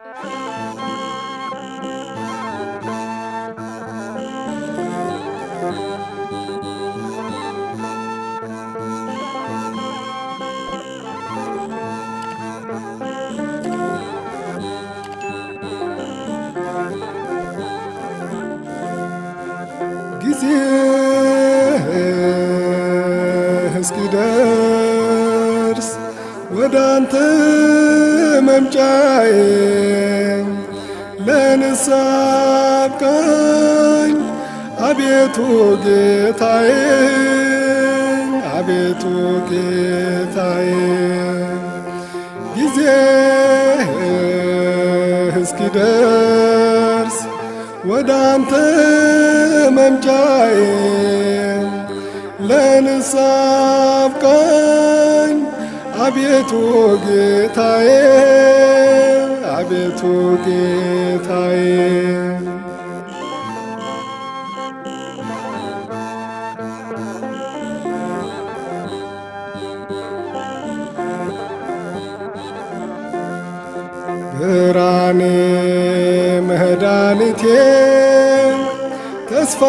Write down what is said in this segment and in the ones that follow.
Uh-huh. መውጫዬ ለንሳብቀኝ አቤቱ ጌታዬ አቤቱ ጌታዬ ጊዜ እስኪደርስ ወደ አንተ መምጫዬ ለንሳብቀኝ አቤቱ ጌታዬ አቤቱ ጌታዬ ብርሃኔ መድኃኒቴ ተስፋ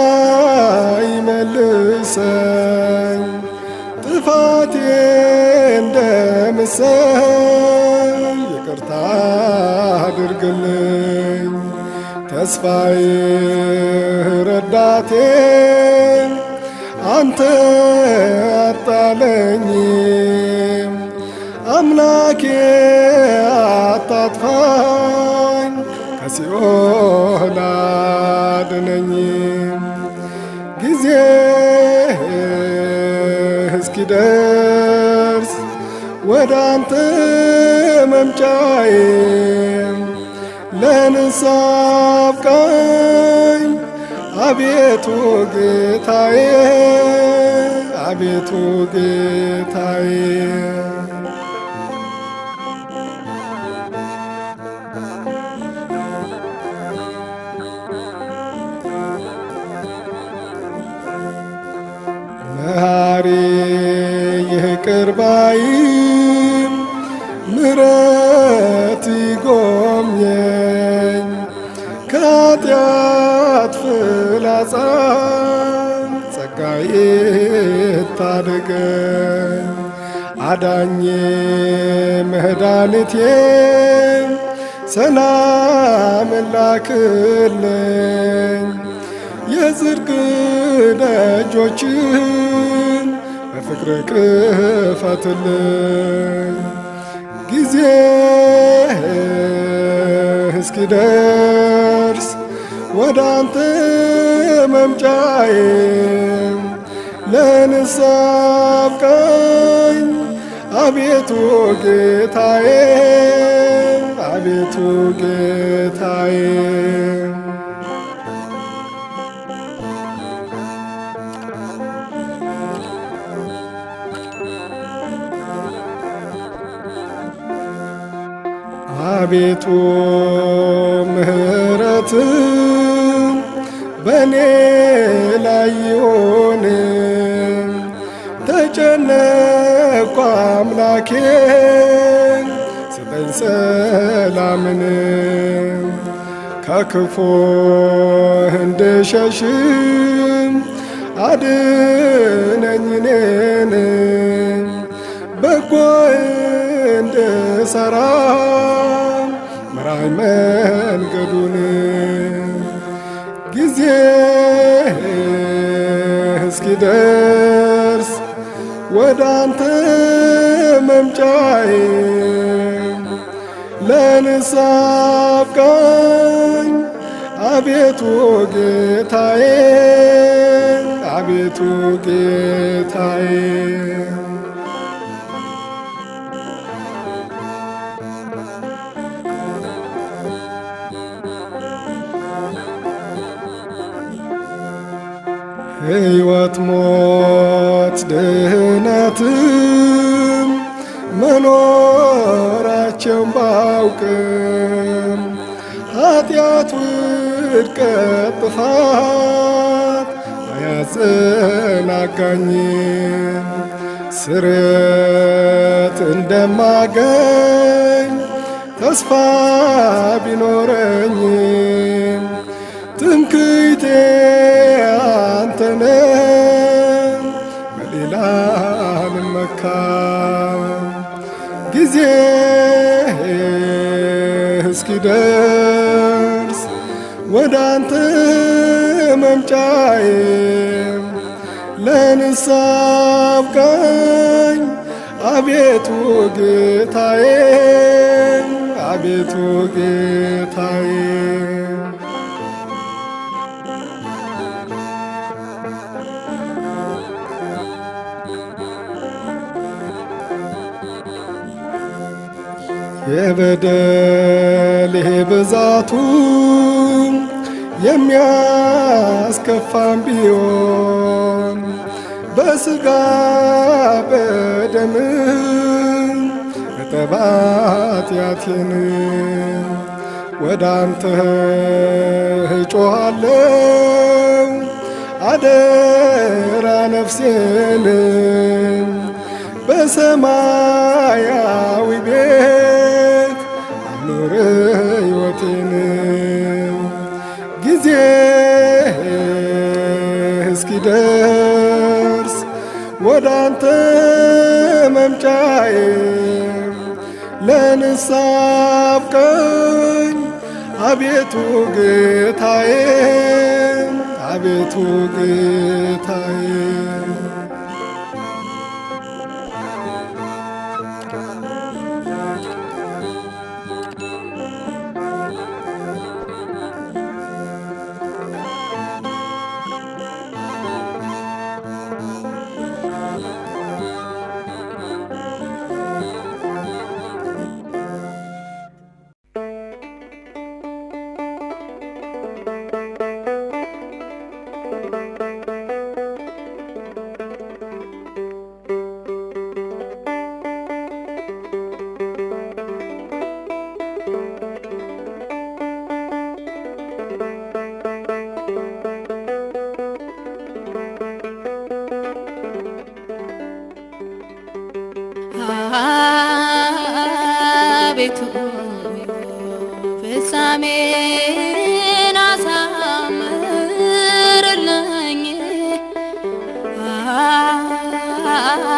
ይመልሰ እሰይ ይቅርታ አድርግልኝ ተስፋዬ ረዳቴ አንተ አጣለኝ አምላኬ አታጥፋኝ ከሲኦል አድነኝ ጊዜ እስኪደርስ ወደ አንተ መምጫዬ ለንሳብቃኝ አቤቱ ጌታዬ አቤቱ ጌታዬ መሐሪ ይቅር ባይ አዳኜ መድኃኒቴ ሰላም ላክልኝ የጽድቅ ደጆችን በፍቅር ክፈትልኝ ጊዜ እስኪደርስ ወደ አንተ መምጫዬ ለንሳብቀኝ አቤቱ ጌታዬ አቤቱ ጌታዬ አቤቱ ምሕረት በእኔ ላይ ይሆን ተጨነ አምላኬ ስጠኝ ሰላምን ከክፉ እንድሸሽም አድነኝ እኔን በጎ እንድሰራ ምራኝ መንገዱን ጊዜ እስኪደ ምርጫዬ ለንስሐ አቤቱ ጌታዬ አቤቱ ጌታዬ ኃጢአት ውድቀት ጥፋት አያጸናጋኝም ስርት እንደማገኝ ተስፋ ቢኖረኝም ትምክህቴ አንተነ በሌላ ልመካ ጊዜ እስኪደ ወደ አንተ መምጫዬ ለንስሐ አብቃኝ አቤቱ ጌታዬ አቤቱ ጌታዬ የበደል ብዛቱ የሚያስከፋም ቢሆን በስጋ በደም እጠባት ያትን ወደ አንተ እጮኋለው አደራ ነፍሴን በሰማያ ወዳንተ መምጫዬ ለንሳብቀኝ አቤቱ ጌታዬ አቤቱ ጌታዬ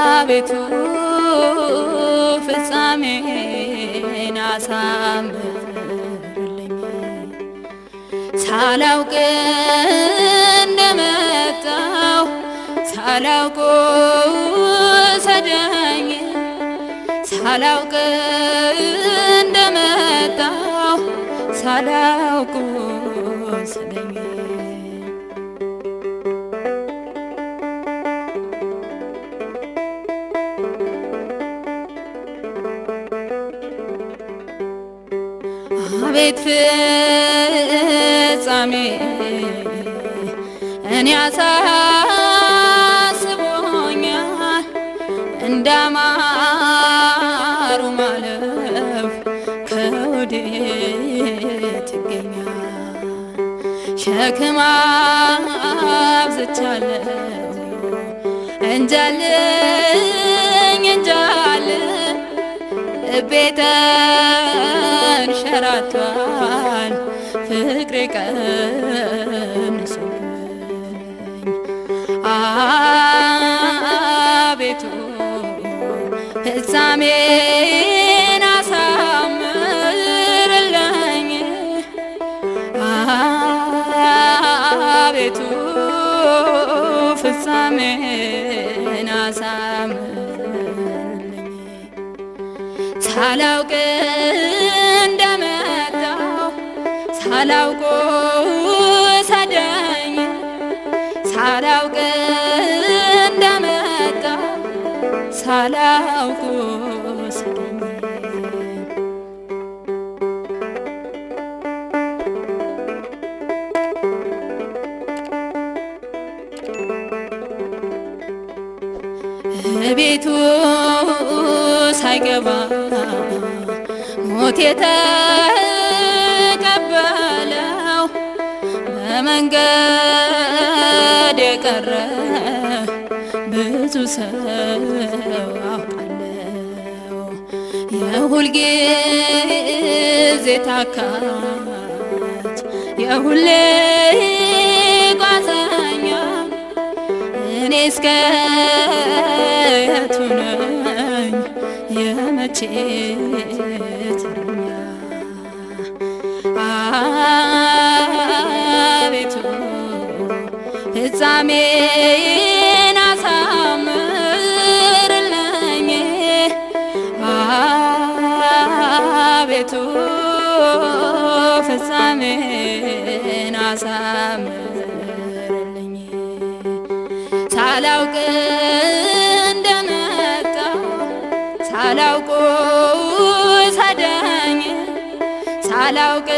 አቤቱ ፍጻሜን አሳምርልኝ። ሳላውቅ እንደመጣው ሳላውቅ ሰደኝ ሳላውቅ እንደመጣው ሳላውቅ ቤት ፍጻሜ እኔ አሳስቦኛል እንዳማሩ ማለፍ ከውዴት ይገኛል ሸክም አብዝቻለሁ እንጃልኝ እንጃል ቤተ ተንሸራቷል ፍቅሬ ቀንሶኝ አቤቱ ፍጻሜን አሳምርልኝ አቤቱ ፍጻሜን አሳምርልኝ ሳላውቅ ሳላውቆ ሳዳኝ ሳላውቅ እንደመጣ ሳላውቆ ቤቱ ሳይገባ ሞት መንገድ የቀረ ብዙ ሰው አውቃለሁ። የሁልጊዜ ታካች የሁሌ ጓዘኛ እኔ እስከ የቱ ነኝ የመቼ ተረኛ ፍጻሜን አሳምርልኝ አቤቱ ፍጻሜን አሳምርልኝ ሳላውቅ እንደመጣው ሳላውቁ ሰደኝ ሳላውቅ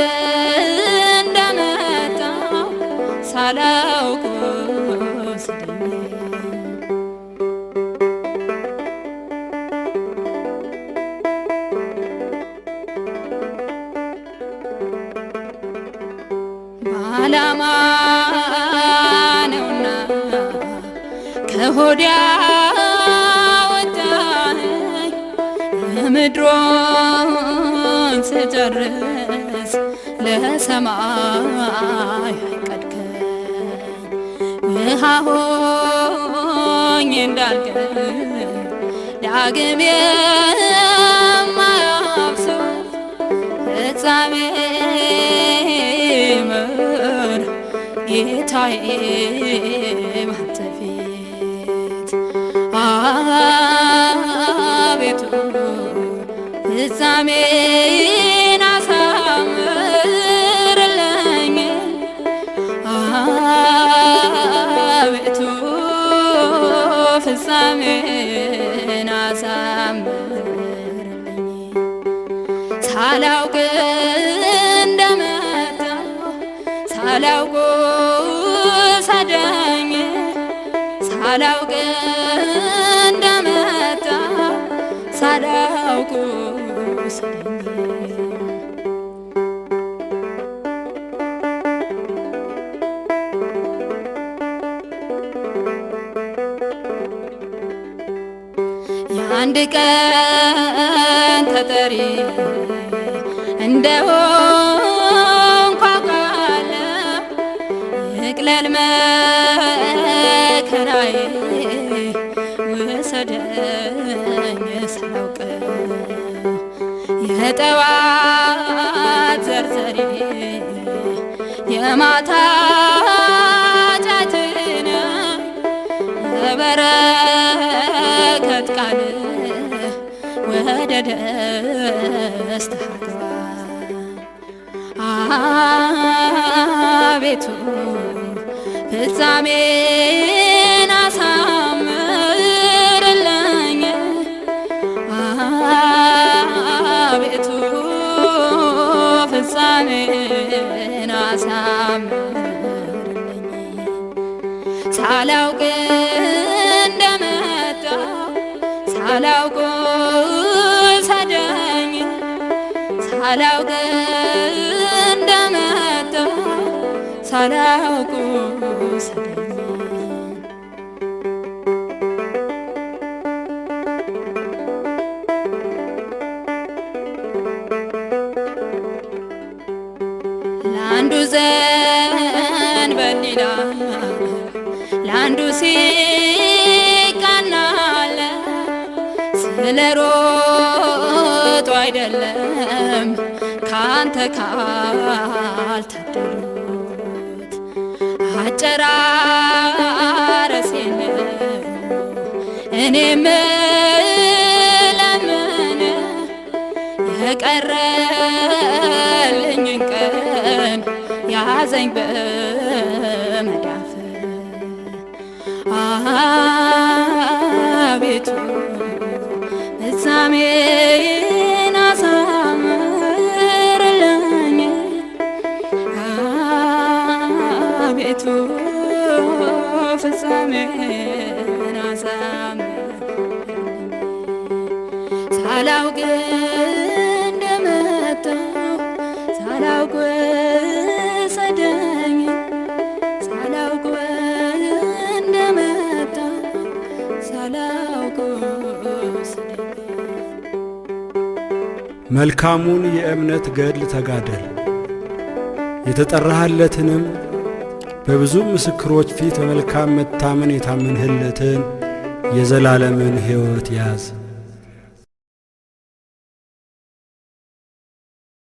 ዓላማ ነውና ከሆዲያ ምድሮን ስጨርስ ለሰማይ አይቀድከኝ ሃሆኝ ዳግም ጌታዬ ባንተ አቤቱ ፍጻሜን አሳምርልኝ አቤቱ ፍጻሜን አሳምርልኝ ሳላውቅ እንደመጣ ሳላውቅ ሳላውቅ እንደመጣ ሳላውቅ የአንድ ቀን ተጠሪ እንደሆንኳ ቃለ ይቅለል መ መከራዬ ውሰደኝ ሳላውቅ የጠዋት ዘርዘሪ የማታ ጫጭን በበረከት ቃል ወደ ደስታ አቤቱ ፍጻሜ አሳምርልኝ ሳላውቅ እንደመጣው ሳላውቅ ሰደኝ ሳላውቅ እንደመጣው ሳላውቅ ሰደኝ ሐዘን በዲዳ ለአንዱ ሲቃናለ ስለ ሮጦ አይደለም ካንተ ካልታደሉት አጨራረስ የለም እኔ ምለምን የቀረ ያዘኝ በመዳፍ አቤቱ ፍጻሜን አሳምርልኝ አቤቱ ፍጻሜ መልካሙን የእምነት ገድል ተጋደል፣ የተጠራህለትንም በብዙ ምስክሮች ፊት በመልካም መታመን የታመንህለትን የዘላለምን ሕይወት ያዝ።